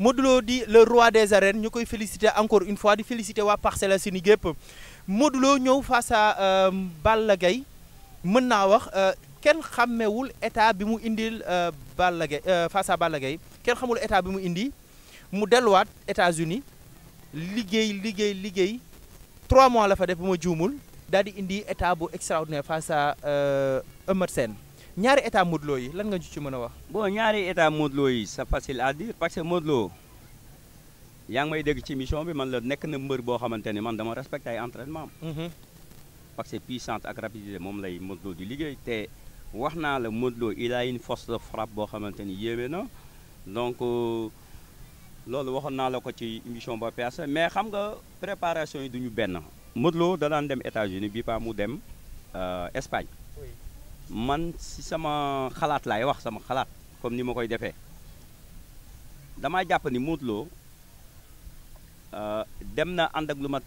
Modou di le roi des arènes ñu koy féliciter encore une fois di féliciter waa Parcelles ni gépp Modou Lo ñëw face à euh, Balla mën naa wax euh, kenn xàmmewul état bi mu indil euh, Balla Gaye face à Balla Gaye kenn xamul état bi mu indi mu delluwaat États-Unis liggéey liggéey liggéey trois mois la fa def bu ma juumul daal di indi état bu extraordinaire face à Eumeu Sène ñaari état Modou yi lan nga ci mën a wax. bon ñaari état Modou Lo yi c'est facile à parce que Modou yaa ngi may dégg ci mission bi man la nekk na mbër boo xamante ne man dama respecté ay entraînement mhm. parce que puissance ak rapidité moom lay Modou Lo di liggéey te wax naa la Modou Lo il a une force boo xamante ni yéeme na donc euh, loolu waxoon naa la ko ci émission ba passé mais xam nga préparation yi duñu benn. Modou Lo da dem États-Unis bi pa mu dem euh, Espagne. man si sama xalaat laay wax sama xalaat comme ni ma koy defee damaa jàpp ni Modou Lo euh, dem na ànd ak lu mat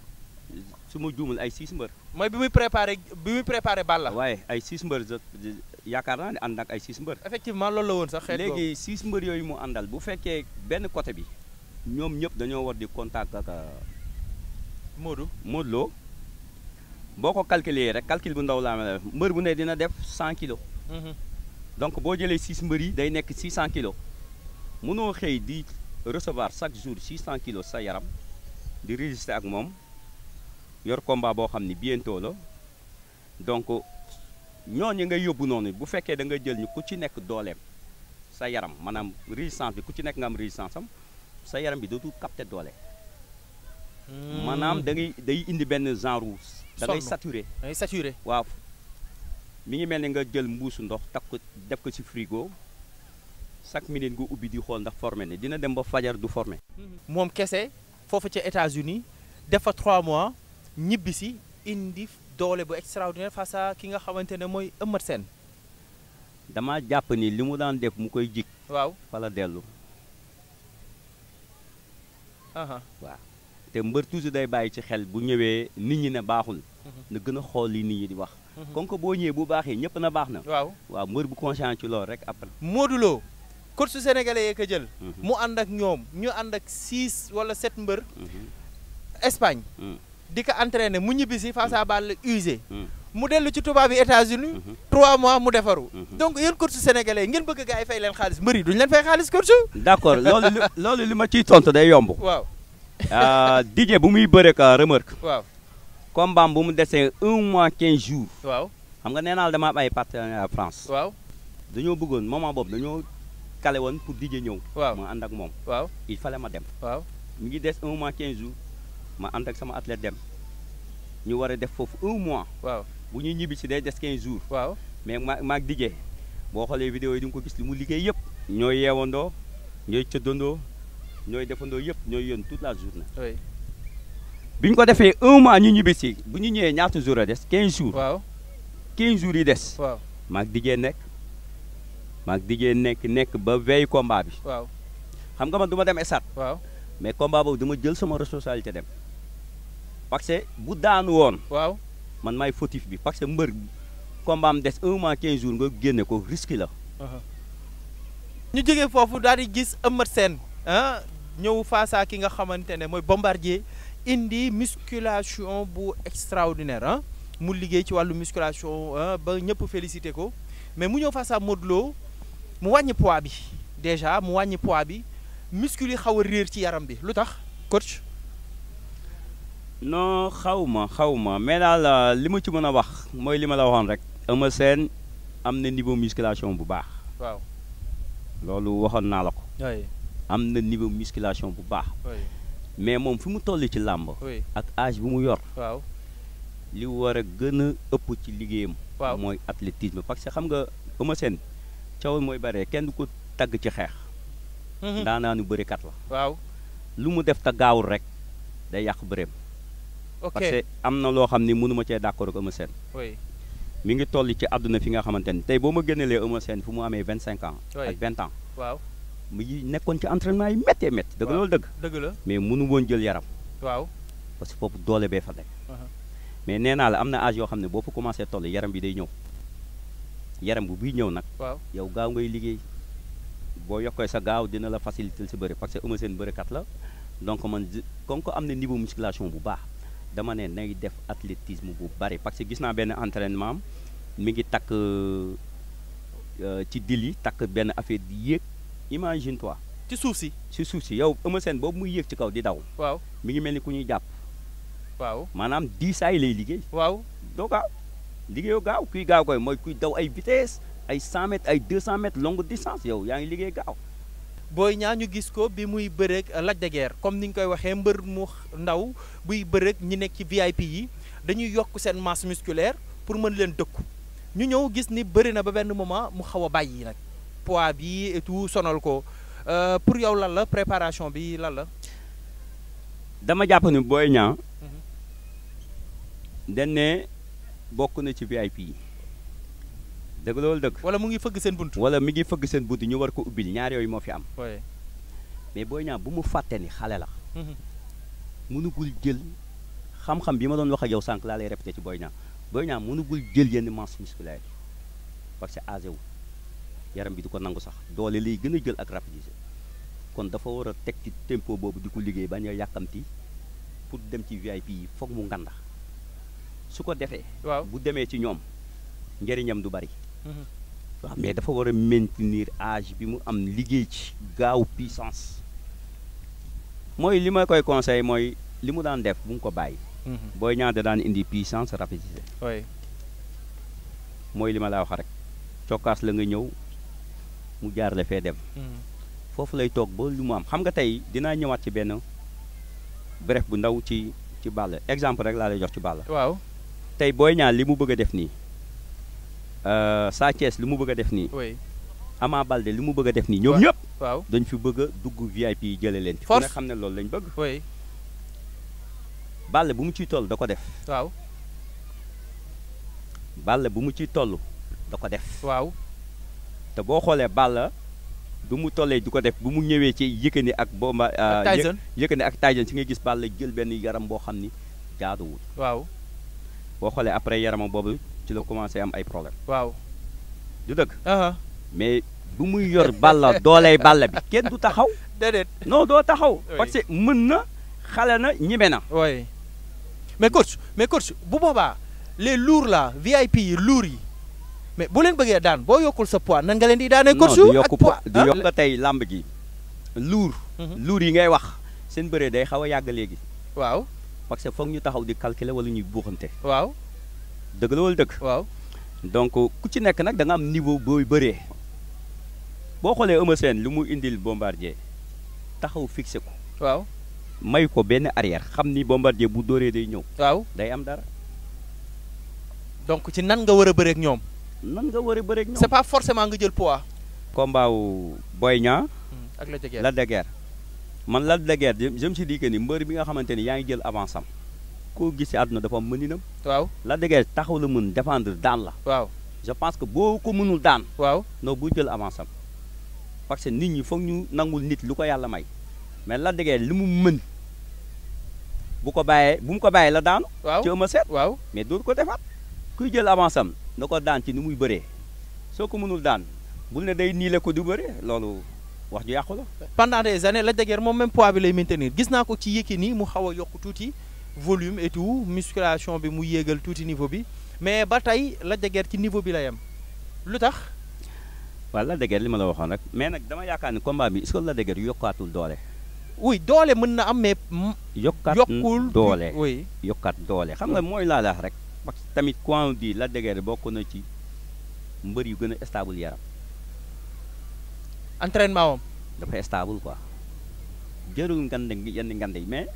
su ma juumul ay six mbër. mooy bi muy préparé bi muy préparé Balla. waaye ay six mbër yaakaar naa ne ànd ak ay six mbër. effectivement loolu la woon sax xeet léegi six mbër yooyu mu àndal bu fekkee benn côté bi ñoom ñëpp dañoo war di contact ak euh, Modou Modou boo ko calculer rek calcul bu ndaw laa mel mbër bu nee dina def 100 kilos. Mhm. donc boo jëlee 6 mbër yi day nekk 600 kilos mënoo xëy di recevoir chaque jour 600 kilos sa yaram di résister ak moom yor combat boo xam ni bientôt la donc ñooñu ngay yóbbu noonu bu fekkee da nga jël ñu ku ci nekk dooleem sa yaram maanaam résistance bi ku ci nekk nga am résistance am sa yaram bi dootul capter doole. Hmm. maanaam da ngay day indi benn genre da ngay saturé da waaw mi ngi mel ni nga jël mbuusu ndox takk ko def ko ci frigo chaque minute nga ubbi di xool ndax formé ni dina dem ba fajar du formé moom kese foofu ca États-Unis def trois mois ñibbi si indi doole bu extraordinaire face à ki nga xamante ne mooy ëmmat Sène dama jàpp ni li mu daan def mu koy jik waaw fa la dellu te mbër toujours day bàyyi ci xel bu ñëwee nit ñi ne baaxul mhm. na gën a xool yi nit ñi di wax kon mhm. boo ñëwee bu baaxee ñëpp na baax na waaw waaw mbër bu conscient ci loolu rek après Modou Lo coach su sénégalais yee ko jël mhm. mu ànd ak ñoom ñu ànd ak six wala sept mbër Espagne di ko ne mu ñibbisi face à balle usée mu dellu ci tubaab yi États-Unis trois mois mu defaru donc yéen course sénégalais ngeen bëgg gars yi fay leen xaalis mbëri duñu leen fay xaalis course d'accord loolu loolu li ma ciy tontu day yomb waaw Euh, Didier bu muy bëre bëreeg euh, remarque. waaw combat bu mu desee un mois quinze jour waaw xam nga nee naa la dama am ay partenaires France. waaw dañoo bëggoon moment boobu dañoo kale woon pour Didier ñëw. ma ànd ak moom. waaw il fallait ma dem. mu mi ngi des un mois quinze jours ma ànd ak sama athlète dem ñu war a def foofu un mois. bu ñuy ñibbi si day des quinze jours. waaw mais ma maag Didier boo xoolee vidéo yi di nga ko gis li mu liggéey yëpp. ñooy yeewandoo ñooy cëddandoo. ñooy defandoo yëpp ñooy yéen toute la journée. oui bi ko defee un mois ñu ñibbi bu ñu ñëwee ñaata jours a des 15 jours. waaw des. waaw maag dijee nekk maag dijee nekk nekk ba veille combat bi. waaw xam nga man du ma dem esat waaw mais combat boobu dama jël sama responsabilité dem. parce que bu daan woon. waaw man maay foti bi parce que mbër combat am des un mois 15 jours nga génne ko risque la. Uh-huh. ñu jógee foofu daal di gis Eumeu Sène ñëw face ki nga xamante ne mooy bombardier indi musculation bu extraordinaire ah mu liggéey ci wàllu musculation ba ñëpp félicité ko mais mu ñëw face à mu wàññi poids bi déjà mu wàññi poids bi muscule yi xaw a réer ci yaram bi lu tax coach non xawma xawma xaw ma mais daal euh, li ma ci mën a wax mooy li ma la waxoon rek Eumeu Sène am na niveau musculation bu baax waaw loolu waxoon naa la ko am na niveau musculation bu baax. mais moom fi mu toll ci làmb. ak âge bu mu yor. waaw li war a gën a ëpp ci liggéeyam. waaw mooy athlétisme parce que xam nga Eumeu Sène cawul mooy bare kenn du ko tagg ci xeex. Mhm. naa daanaanu bërikat la. waaw lu mu def te gaawul rek day yàq bëreem. ok parce que am na loo xam ni mënuma cee d'accord ak Eumeu Sène. mi ngi toll ci àdduna fi nga xamante ni tey boo ma gënalee Eumeu Sène fu mu amee vingt cinq ans. ak vingt ans mu nekkoon ci entraînement yi méttee métti. dëgg loolu dëgg. dëgg la mais mënu woon jël yaram. waaw parce que foofu doole bee fa nekk. Uh-huh. mais nee naa la am na âge yoo xam ne boo fa commencé toll yaram bi day ñëw yaram bu buy ñëw nag. yow gaaw ngay liggéey boo yokkee sa gaaw dina la faciliter si bëri parce que Eumeu Sène bërikat la donc man comme que am na niveau musculation bu baax dama ne nay def athlétisme bu bëri parce que gis naa benn entraînement mi ngi takk euh, ci dil takk benn affaire di yéeg. imagine toi. ci suuf si ci suuf si yow Eumeu seen boobu muy yéeg ci kaw di daw. waaw mi ngi mel ni ku ñuy jàpp. waaw maanaam diisaay lay liggéey. waaw doo gaaw liggéeyoo gaaw kuy gaaw koy mooy kuy daw ay vitesse ay 100 mètres ay 200 mètres longue distance yow yaa ngi liggéey gaaw. booy ñaa ñu gis ko bi muy bëreeg Lac de Guiers comme ni ñu koy waxee mbër mu ndaw buy bëreeg ñi nekk ci VIP yi dañuy yokk seen masse musculaire pour mën leen dëkku ñu ñëw gis ni bëri na ba benn moment mu xaw a bàyyi nag. poids bi et tout sonal ko euh, pour yow lan la préparation bi lan la. dama jàpp ni booy Niang. Mhm. dañ ne bokk na ci VIP yi. dëgg loolu wala mu ngi fëgg seen bunt. wala mi ngi fëgg seen bunt ñu war ko ubbil ñaar yooyu moo fi am. mais Boy Niang bu mu fàtte ni xale la. Mhm. mënugul jël xam-xam bi ma doon wax yow sànq laa lay répété ci Boy Niang Boy Niang mënugul jël yenn masse musculaire parce que yaram bi du ko nangu sax doole lay gën a jël ak rapidité kon dafa war a teg ci tempo boobu di ko liggéey ba a yàkkamti pour dem ci VIP yi foog mu nganda su ko defee. waaw bu demee ci ñoom njëriñam du bari. Mhm. waaw mais dafa war a maintenir âge bi mu am liggéey ci gaaw puissance. mooy li ma koy conseil mooy li mu daan def bu mu ko bàyyi. Mhm. booy ñaar da daan indi puissance rapidité. mooy li ma la wax rek. cokkaas la nga ñëw mu jaar la fee dem. Hmm. foofu lay toog ba lu mu am xam nga tey dinaa ñëwaat ci benn bref bu ndaw ci ci Balla exemple rek laa lay jox ci Balla. waaw tey booy Niang li mu bëgg a def nii euh, Sa Thiès li mu bëgg a def nii. Ama Balde li mu bëgg a def nii ñoom ñëpp. waaw dañ fi bëgg a dugg VIP yi jëlee leen. force xam ne loolu lañ bëgg. oui. bu mu ciy toll da ko def. waaw. Balla bu mu ciy toll da ko def. te boo xoolee Balla bu mu tollee du ko def bu mu ñëwee ci Yékini ak Bomba. ak euh, Tyson Yékini ak Tyson si ngay gis Balla jël benn yaram boo xam ni jaaduwul. waaw boo xoolee après yaramam boobu ci la commencé am ay problème waaw du dëgg. mais bu muy yor Balla dooley Balla bi kenn du taxaw. déedéet doo taxaw. parce que mën na xale na ñime na. mais coach mais coach bu boobaa les lourds là VIP yi lourds yi. mais bu leen bëggee daan boo yokkul sa poids nan nga leen di daanee. coach ak poids di yokk ah, tey làmb ji. luur. Mhm. luur yi ngay wax seen bëree day xaw a yàgg léegi. waaw parce que foog ñu taxaw di calculer wala ñuy buuxante. waaw dëgg la wala dëgg. waaw donc ku ci nekk nag da am niveau booy bëree. boo xoolee Eumeu seen lu mu indil bombardier taxaw fixé ko. waaw may ko benn arrière xam ni bombarde bu dóoree day ñëw. waaw day am dara. donc ci nan nga war a bëreek ak ñoom. nan nga war a bëreeg forcément nga jël pois combat wu Boy Niang hmm, la Lac de Guiers man la de Guiers je me suis ni mbër bi nga xamante ni yaa ngi jël avance am koo gis àdduna dafa am mëninam. waaw Lac de Guiers taxaw la mën défendre daan la. waaw je pense que boo ko mënul daan. waaw non bu jël avance am parce que nit ñi foog ñu nangul nit lu ko yàlla may mais la de Guiers li mu mën. bu ko bàyyee bu mu ko bàyyee la daanu. waaw ci ëmb waaw mais dootu ko defaat ku jël avance na ko daan ci ni muy bëree soo ko mënul daan bul ne day niile ko du bëree loolu wax ju yàqu la. pendant des années Lac de moom même pois bi lay maintenir gis naa ko ci Yékini mu xaw a yokk tuuti volume et tout musculation bi mu yéegal tuuti niveau bi mais ba tey la de ci niveau bi lay yem lu tax. waaw Lac de Guiers li ma la waxoon rek mais nag dama yaakaar ni combat bi est-ce la Lac de yokkaatul doole. oui doole mën na am mais. yokkaat doole yokkul yokkaat doole xam nga mooy laa la rek. parce tamit coin bi la de Guiers bokk na ci mbër yu gën a stable yaram. entraînement am. dafa stable quoi jërul ngande yenn ngande yi mais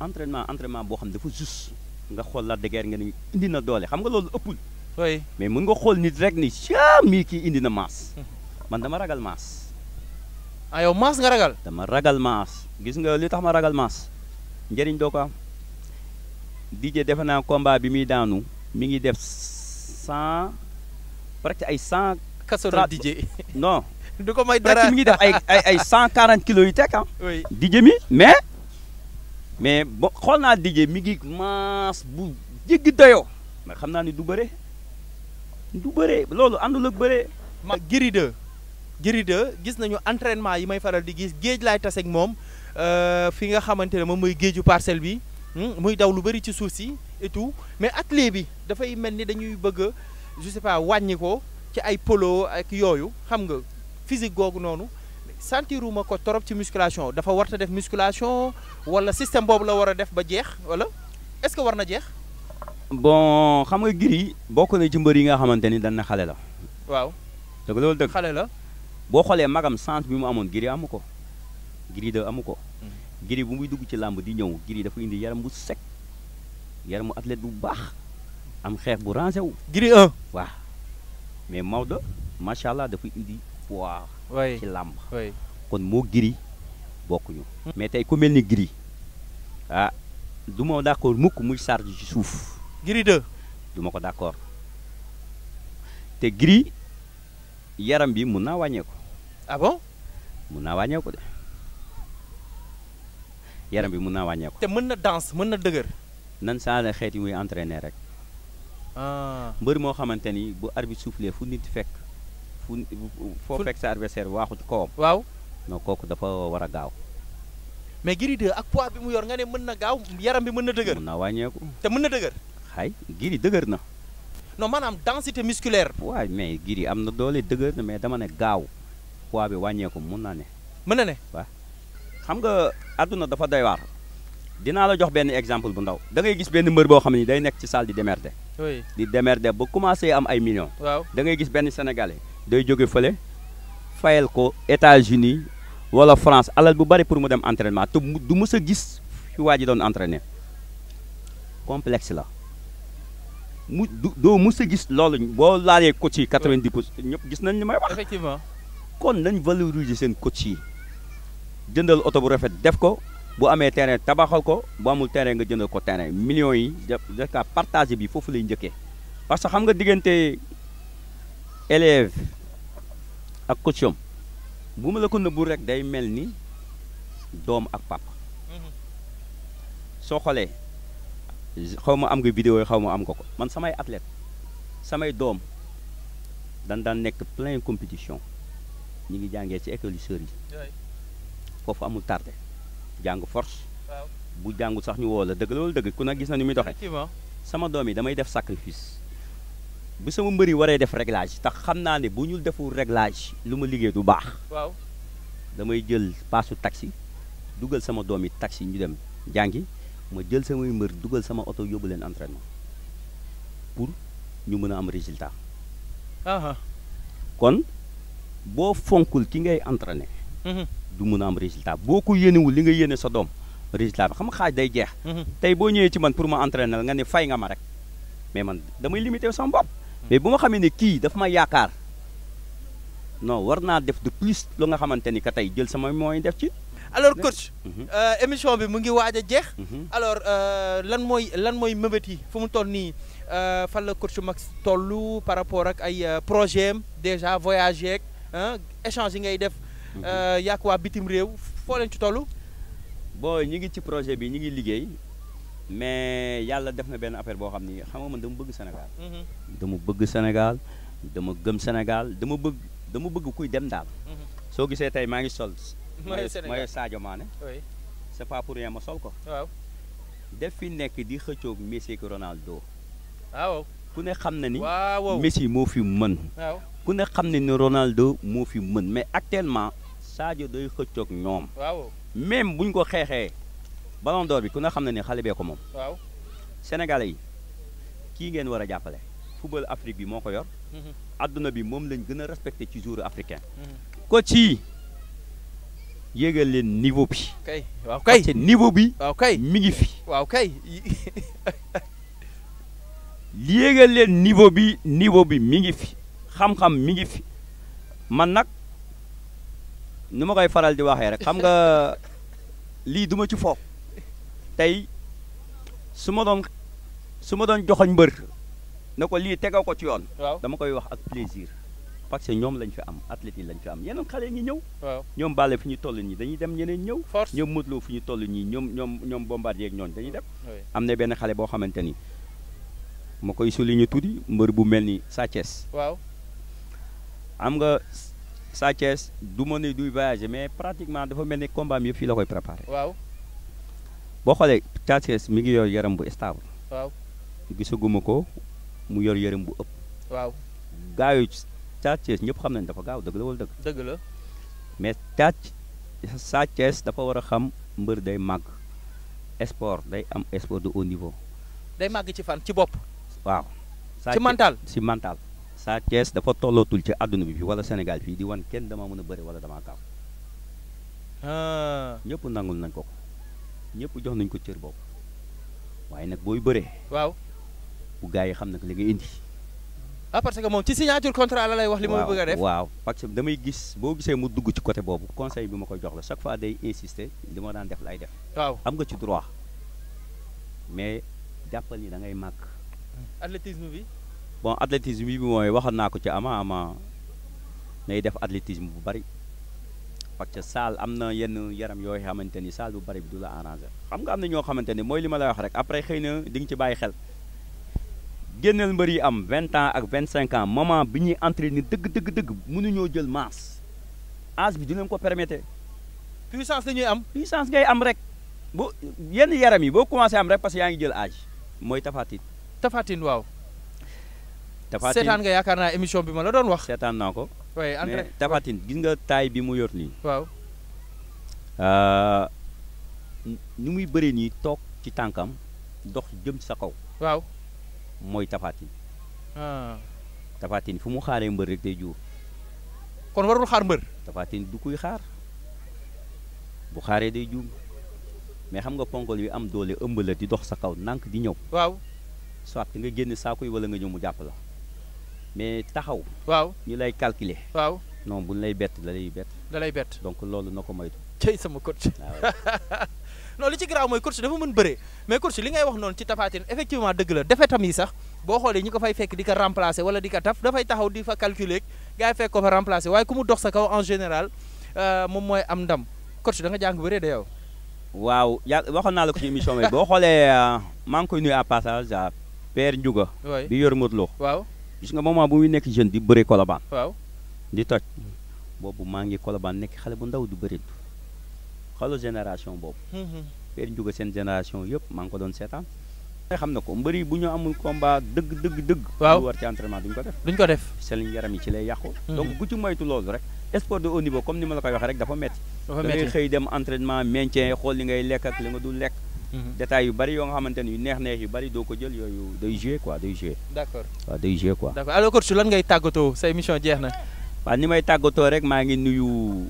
entraînement entraînement boo xam ne dafa juste nga xool la de Guiers nga ni indi na doole xam nga loolu ëppul. oui mais mën nga xool nit rek ni caa mii kii indi na maas. Hmm. man dama ragal maas. ah yow maas nga ragal. dama ragal maas gis nga li tax ma ragal maas njëriñ doo ko Didier defe naa combat bi muy daanu mi ngi def cent que ay cent. kaso na Didier non. du ko may dara presque mi ngi def ay ay ay cent quarante kilos yu teg ah. oui Didier mi mais. mais bo xool naa Didier mi ngi masse bu jéggi dayoo. mais xam naa ni du bëre. du bëre loolu àndul ak bëre. ma Gris 2 gis nañu entraînement yi may faral di gis géej laay taseeg moom euh, fi nga xamante ne moom mooy géeju parcelle bi. Hmm, muy daw lu bëri ci suuf si et tout mais athlète bi dafay mel ni dañuy bëgg je sais wàññi ko ci ay polo ak yooyu xam nga physique googu noonu sentiruma ko trop ci musculation dafa war def musculation wala système boobu la war a def ba jeex wala est-ce que war na jeex. bon xam nga Gris bokk na ci mbër yi nga xamante ni dañ na xale la. waaw dëgg loolu dëgg. xale la boo xoolee magam sant bi mu amoon giri amu ko Gris de amu ko. Gris bu muy dugg ci làmb di ñëw Gris dafa indi yaram bu sec yaram mu athlète bu baax am xeex bu rangé wu. Gris 1 waaw mais Maodo macha allah dafa indi poids. ci làmb kon moo Gris bokkuñu. Hmm. mais tey ku mel ni Gris ah du ma d'accord mukk muy charge ci suuf. Gris 2 du ma ko d'accord te Gris yaram bi mun naa wàññeeku. ah bon mun naa wàññeeku de. yaram bi mun naa wàññeeku. te mën na danse mën na dëgër. nan changé xeet yi muy entraîné rek. Ah. mbër moo xamante ni bu arbitre soufflé fu nit fekk fu foo fekk sa adversaire waaxu ci kawam. waaw non kooku dafa war a gaaw. mais Gris 2 ak poids bi mu yor nga ne mën na gaaw yaram bi mën na dëgër. na wàññeeku. te mën na dëgër. xay Gris dëgër na. non maanaam densité musculaire. waaw mais Gris am na doole dëgër na mais dama ne gaaw poids bi wàññeeku mun naa ne. mën na ne waaw. xam nga àdduna dafa doy dinaa la jox benn exemple bu ndaw da ngay gis benn mbër boo xam ne day nekk ci salle di démerde di démerde ba commencé am ay million waaw da ngay gis benn sénégalais day jóge fële fayal ko États-Unis walla France alal bu bari pour mu dem entraînement te du mës a gis fi waa ji doon entraîné complexe la mu doo mus a gis loolu boo laalee coach yi 90 pour ñëpp gis nañ li may wax effectivement kon nañ valoriser seen coach si jëndal oto bu rafet def ko bu amee teree tabaxal ko bu amul teree nga jëndal ko terrain million yi jaka partage bi foofu lay njëkkee parce que xam nga diggante élève ak coacham bu ma la ko nëbbul rek day mel ni doom ak papa mm-hmm. soo xoolee xaw ma am nga vidéo yi xaw ma am nga ko man samay athlète samay doom dan daan nekk plein compétition ñi ngi jàngee ci école yi foofu amul tardé jàng force bu jàngul sax ñu woo la dëgg loolu dëgg ku nag gis na ni muy doxee sama doom yi damay def sacrifice bu sama mbër yi waree def réglage tax xam naa ne bu ñu deful réglage lu ma liggéey du baax damay jël paasu taxi dugal sama doom yi taxi ñu dem jàngi ma jël samay mbër dugal sama oto yóbbu leen entraînement pour ñu mën a am résultat kon boo fonkul ki ngay entraîné mhm. du mun a am résultat boo ko yéenewul li nga yéene sa doom résultat bi xam nga xaaj day jeex. Mhm. tey boo ñëwee ci man pour ma entraîner la nga ne fay nga ma rek mais man damay limité sama bopp. mais bu ma xamee ne kii dafa may yaakaar non war naa def de plus lu nga xamante ni que tey jël sama mooy def ci. alors coach mhm. euh, émission bi mu ngi waaj a jeex. Mhm. alors euh, lan mooy lan mooy mëbët yi fu mu toll nii euh, fan la coach Max tollu par rapport ak ay projet am déjà voyager ak yi ngay def. Euh, yaak waa bitim réew foo leen ci toll. boo ñu ngi ci projet bi ñu ngi liggéey mais yàlla def na benn affaire boo xam ni xam nga man dama bëgg Sénégal. Mhm. dama bëgg Sénégal dama gëm Sénégal dama bëgg dama bëgg kuy dem daal. Mhm. soo gisee tey maa ngi sol. mooy Sénégal mooy Sadio Mané. oui ma sol ko. def fi nekk di xëccoog Messi ak Ronaldo. ku ne xam na ni. waaw Messi moo fi mën. ku ne xam ne ni Ronaldo moo fi mën mais actuellement. Sadio day xëccoog ñoom. waaw même buñ ko xeexee ballon bi ku na xam na ni xale bee ko moom. waaw yi kii ngeen war a jàppale. football Afrique bi moo ko yor. Mhm. adduna bi moom lañ gën a respecté ci joueur africain. ko mhm. ci leen niveau bi. kay waaw niveau bi. waaw mi ngi fi. waaw kay. yéegal leen niveau bi niveau bi mi ngi fi xam-xam mi ngi fi man nag. nu ma koy faral di waxee rek xam nga lii duma ci fo tey su ma doon su ma doon joxoñ mbër ne ko lii tegaw ko ci yoon. dama koy wax ak plaisir. parce que ñoom lañ fi am athlètes lañ fi am yeneen xale ngi ñëw. ñoom Balla fi ñu toll nii dañuy dem ñeneen ñëw. force ñoom Modou Lo fi ñu toll ñi ñoom ñoom ñoom Bombardier ak ñooñu dañuy dem. am na benn xale boo xamante ni ma koy ñu tuddi mbër bu mel ni Sa Thiès. am nga. Sa du ma ne duy voyager mais pratiquement dafa mel ni combat am yëpp fii la koy préparé. waaw boo xoolee Sa Thiès mi ngi yor yaram bu stable. waaw gisaguma ko mu yor yaram bu ëpp. waaw gaaw yu Sa Thiès ñëpp xam nañ dafa gaaw dëgg la wala dëgg. dëgg la mais Sa Sa dafa war a xam mbër day màgg sport day am sport de haut niveau. day màgg ci fan ci bopp. waaw. ci mental ci mental. Sa Thiès dafa tollootul ci àdduna bi fii wala Sénégal fii di wan kenn damaa mën a bëre wala damaa kaaw ñëpp nangul nañ ko ko ñëpp jox nañ ko cër boobu waaye nag booy bëree. waaw bu gars yi xam nag li nga indi. ah parce que moom ci signature contrat la lay wax. li ma bëgg a def waaw parce que damay gis boo gisee mu dugg ci côté boobu conseil bi ma ko jox la chaque fois day insister li ma daan def lay def. waaw am nga ci droit mais jàppal ni da ngay màgg. athlétisme bi. bon athlétisme bi mooy waxoon naa ko ci ama ama nay def athlétisme bu bari parce que saal am na yenn yaram yooyu xamante ni saal bu bari bi du la arrangé xam nga am na ñoo xamante ni mooy li ma lay wax après xëy na di nga ci bàyyi xel génneel mbër yi am vingt ans ak 25 ans moment bi ñuy entraîné dëgg dëgg dëgg nu ñoo jël masse âge bi du leen ko permettre. puissance la ñuy am. puissance ngay am rek bu yenn yaram yi boo commencé am rek parce que yaa ngi jël âge mooy tafatin. tafatin waaw. Tapha Tine nga yaakaar naa émission bi ma la doon wax. seetaan naa ko. oui mais Tapha gis nga taay bi mu yor nii. waaw. Euh, nu muy bëree nii toog ci tànkam dox jëm sa kaw. waaw mooy Tapha Tine. Ah. fu mu xaaree mbër rek day juur. kon warul xaar mbër. du kuy xaar bu xaaree day juum mais xam nga ponkol yu am doole ëmb la di dox sa kaw nànk di ñëw. waaw soit nga génn yi wala nga ñëw mu jàpp la. mais taxaw. waaw ñu lay calculer. waaw non bu lay bett da lay bett. da bett donc loolu na ko moytu. tey sama coach. Ah non li ci garaaw mooy coach dafa mën bëree mais coach li ngay wax noonu ci Tapha Tine effectivement dëgg la defetam yi sax boo xoolee ñi ko fay fekk di ko remplacer wala di ko taf dafay taxaw di fa calculer gars yi fekk ko fa remplacer waaye ku mu dox sa kaw en général euh, moom mooy am ndam coach da nga jàng bëree day yow. waaw ya waxoon naa la ko ci émission bi boo xoolee euh, maa koy nuyu à passage à Père bi yor Modou Lo waaw. gis nga moment bu muy nekk jeune di bëre Colobane. waaw di toj. boobu maa ngi Colobane nekk xale bu ndaw di bëri xalo génération boobu. Mhm. père Ndiouga seen génération yëpp maa ngi ko doon seetaan. nga xam ne ko mbëri bu ñu amul combat dëgg dëgg dëgg. waaw lu war ci entraînement ko def. duñ yaram yi ci lay yàqu. Mhm. donc ku ci moytu loolu rek. sport de haut comme ni ma la koy waxee rek dafa metti dafa metti da ngay xëy dem entraînement maintien xool li ngay lekk ak li nga dul Mhm. détails yu bari yoo nga xamante ni yu neex neex yu bari doo ko jël yooyu day joué quoi day joué. d'accord waaw day joué quoi. d'accord alors coach lan ngay tàggatoo sa émission jeex na. waa ni may tàggatoo rek maa ngi nuyu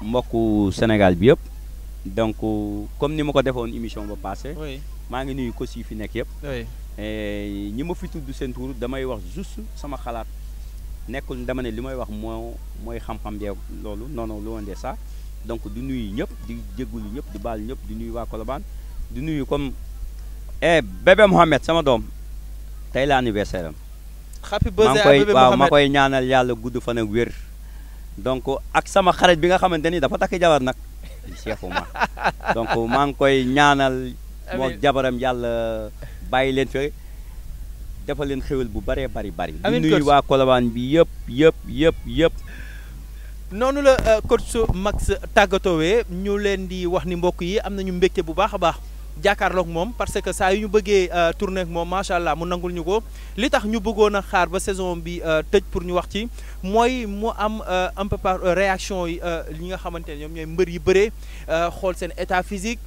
mbokku Sénégal bi yëpp donc comme ni ma ko defoon émission ba passé maa ngi nuyu coach yi fi nekk yëpp. ñi ma fi tudd seen tur damay wax juste sama xalaat nekkul dama ne li may wax moo mooy xam-xam loolu noonu non lu woon de ça donc di nuyu ñëpp di jégalu ñëpp di baal ñëpp di nuyu waa Colobane. di nuyu comme eh bébé Mohamed sama doom tey la anniversaire am. happy birthday waaw ma koy ñaanal yàlla gudd fan ak donc ak sama xarit bi nga xamante ni dafa takk jabar nag Cheikh Oumar donc maa koy ñaanal. moo jabaram yàlla bàyyi leen fi. dafa leen xéwal bu bëree bari bari amiin nuyu waa Colobane bi yëpp yëpp yëpp yëpp. noonu la euh, coach Max tàggatoowee ñu leen di wax ni mbokk yi am nañu mbekke bu baax a baax. jàkkaarloog moom parce que saa yu ñu bëggee euh, tourné ak moom macha allah mu nangul ñu ko li tax ñu bëggoon a xaar ba saison bi euh, tëj pour ñu wax ci mooy mu am euh, un peu par réaction yi li nga xamante ne ñoom ñooy mbër yi bëree xool seen état physique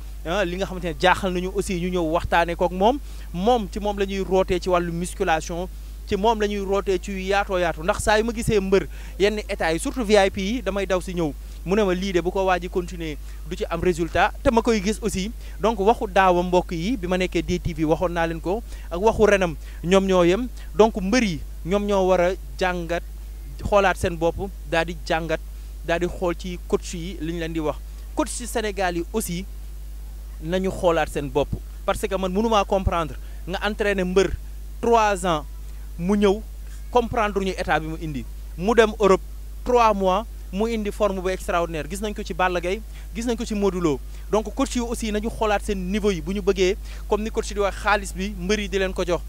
li nga xamante ne jaaxal nañu aussi ñu ñëw waxtaanee kook moom moom ci moom la ñuy rootee ci wàllu musculation. ci moom la ñuy rootee ci yaatoo yaatu ndax saa yu ma gisee mbër yenn état yi surtout VIP yi damay daw si ñëw mu ne ma lii de bu ko waa ji continuer du ci am résultat te ma koy gis aussi donc waxu daawa mbokk yi bi ma nekkee DTV waxoon naa leen ko ak waxu renam ñoom ñoo yem donc mbër yi ñoom ñoo war a jàngat xoolaat seen bopp daal di jàngat daal di xool ci coach yi li leen di wax coach ci Sénégal yi aussi nañu xoolaat seen bopp parce que man mënumaa comprendre nga entraîner mbër trois ans mu ñëw comprendre ñu état bi mu indi mu dem Europe trois mois mu indi forme bu extraordinaire gis nañ ko ci Balla Gaye gis nañ ko ci Modou donc coach yi aussi nañu xoolaat seen niveau yi bu ñu bëggee comme ni coach yi di wax xaalis bi mbër yi di leen ko jox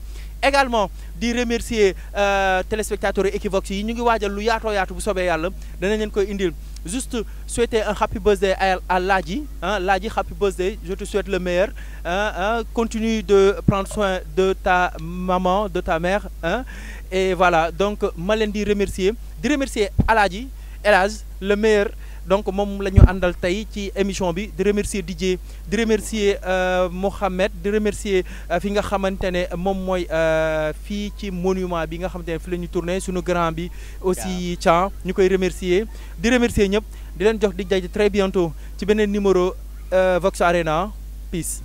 également di remercier euh, téléspectateurs yi Equivox yi ñu ngi waajal lu yaatoo yaatu bu soobee yàlla danañ leen koy indi juste souhaiter un happy birthday à à Ladji ah Ladji happy birthday je te souhaite le meilleur ah continue de prendre soin de ta maman de ta mère et voilà donc ma leen di remercier di remercier Aladji Elage le maire donc moom la ñu àndal tey ci émission bi di remercier DJ di remercier euh, Mohamed di remercier euh, fi nga xamante ne moom mooy euh, fii ci monument bi nga xamante ne fi la ñu tourné suñu grand bi aussi Thian ñu koy remercier di remercier ñëpp di leen jox di jaje très bientôt ci beneen numéro Vox Arena peace